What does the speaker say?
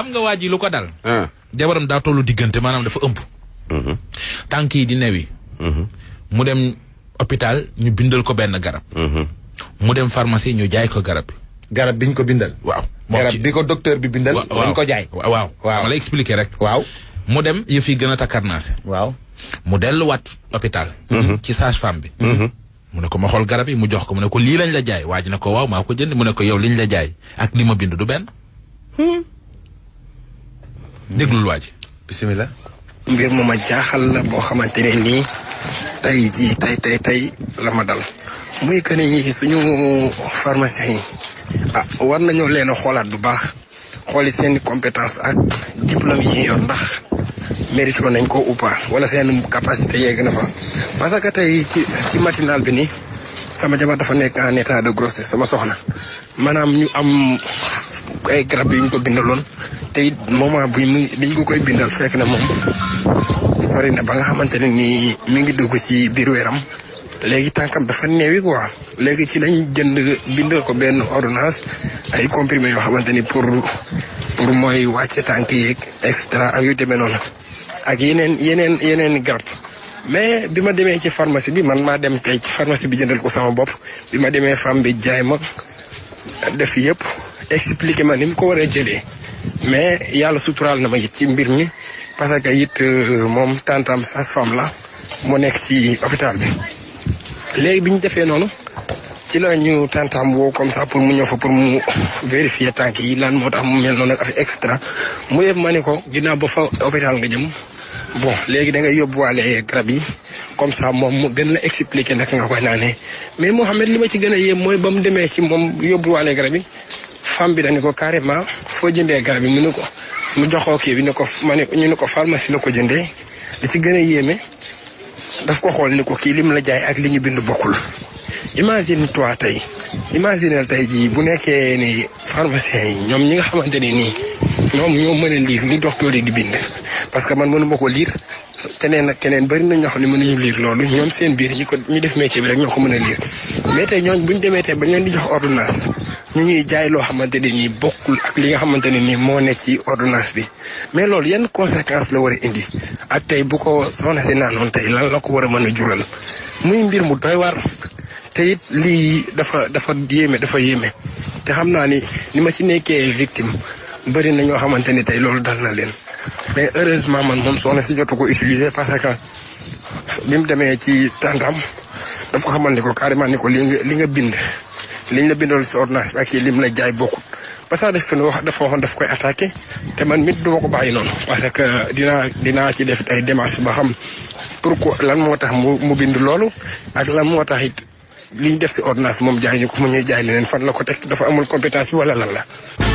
xam nga waa ji lu ko dal. Ah. jabaram daa tollu diggante maanaam dafa ëmb. Mm-hmm. tànk yi di newi. Mm-hmm. mu dem hôpital ñu bindal ko benn garab. Mm-hmm. mu dem pharmacie ñu jaay ko garab bi. garab biñ ko bindal. waaw garab bi ko docteur bi bindal. dañ ko jaay. waaw waaw ma waaw mu dem yëf yi gën a takkarnaase. waaw mu delluwaat hôpital. ci sage femme bi. mu ne ko ma xool garab yi mu jox ko mu ne ko lii lañ la jaay waaj na ko waaw maa ko jënd mu ne ko yow liñ la jaay ak li ma bind du benn. Hmm. déglul waa ji bisimilah. mbir mu ma jaaxal la boo xamante ne nii tey jii tey tey la ma dal muy que ni suñu pharmacien yi ah war nañoo leen xoolaat bu baax xooli seen compétence ak diplôme yi yor ndax mérite nañ ko ou pas wala seen capacité yegg na fa parce que tey ci ci matinal bi nii sama jabar dafa nekk en état de grossesse sama soxna maanaam ñu am ay garab yuñ ko bindaloon te it moment bu mu liñ ko koy bindal fekk na moom sori na ba nga xamante ne ni mi ngi dugg ci biir wéram léegi tànkam dafa neewi quoi léegi ci lañ jënd bind ko benn ordonnance ay comprimé yoo xamante ni pour pour mooy wàcce tànk yeeg ak yu demee noonu ak yeneen yeneen yeneen garab mais bi ma demee ci pharmacie bi man maa dem tey ci pharmacie bi jëndal ko sama bopp bi ma demee bi jaay ma def yépp expliqué ma ni mu ko war a jëlee mais yàlla suturaal na ma it ci mbir mi parce que it euh, moom tantam sage-femme la moo nekk ci hôpital bi. léegi bi ñu defee noonu ci la ñu tantam woo comme ça pour mu ñëw fa pour mu vérifier tànk yi laan moo tax mu mel noonu ak affaire extra mu yëf ma ne ko ginnaaw ba fa hôpital nga jëm. bon léegi da ngay yóbbuwaale garab yi comme ça moom mu gën la expliquer naka nga koy naanee mais Mouhamed li ma ci gën a yéem mooy ba mu demee ci moom yóbbuwaale garab yi femme bi dañu ko carrément foo jëndee garab yi mu ne ko mu joxoo kii bi ne ko ma ne ñu ne ko pharmacie ko jëndee li ci gën a yéeme daf ko xool ni ko kii lim la jaay ak li ñu bind bokkul. imagine toi tey imagine tey jii bu nekkee ni pharmacien yi ñoom ñi nga xamante ne nii ñoom ñoo mën a lire li docteur yi di bind parce que man mënu ko lire keneen ak keneen bari na ñoo xam ne mënuñu lire loolu ñoom seen biir ko ñu def métier rek ñoo ko mën a ba ñu leen di jox ordonnance. ñu ñuy jaay loo xamante ne nii bokkul ak li nga xamante ne nii moo ne ci ordonnance bi mais loolu yan conséquence la war a indi ak tey bu ko soxna si naanoon tey lan la ko war a mën a jural muy mbir mu doy war te lii dafa dafa yéeme dafa yéeme te xam naa ni ni ma ci nekkee victime bëri na ñoo xamante ni tey loolu dal na leen mais heureusement man moom soxna si jotu ko utiliser parce que bi mu demee ci tàndam daf ko xamal ko carrément ni ko li nga li nga bind liñ la bindoolu si ordonnance bi ak yi lim la jaay bokkut parce que def suñu wax dafa waxoon daf koy attaqué te man mit duma ko bàyyi noonu parce que dina dinaa ci def ay démarches ba xam pourquoi lan moo tax mu mu bind loolu ak lan moo tax it liñ def si ordonnance moom jaay ñu ko mu ñuy jaay leneen fan la ko teg dafa amul compétence bi wala lan la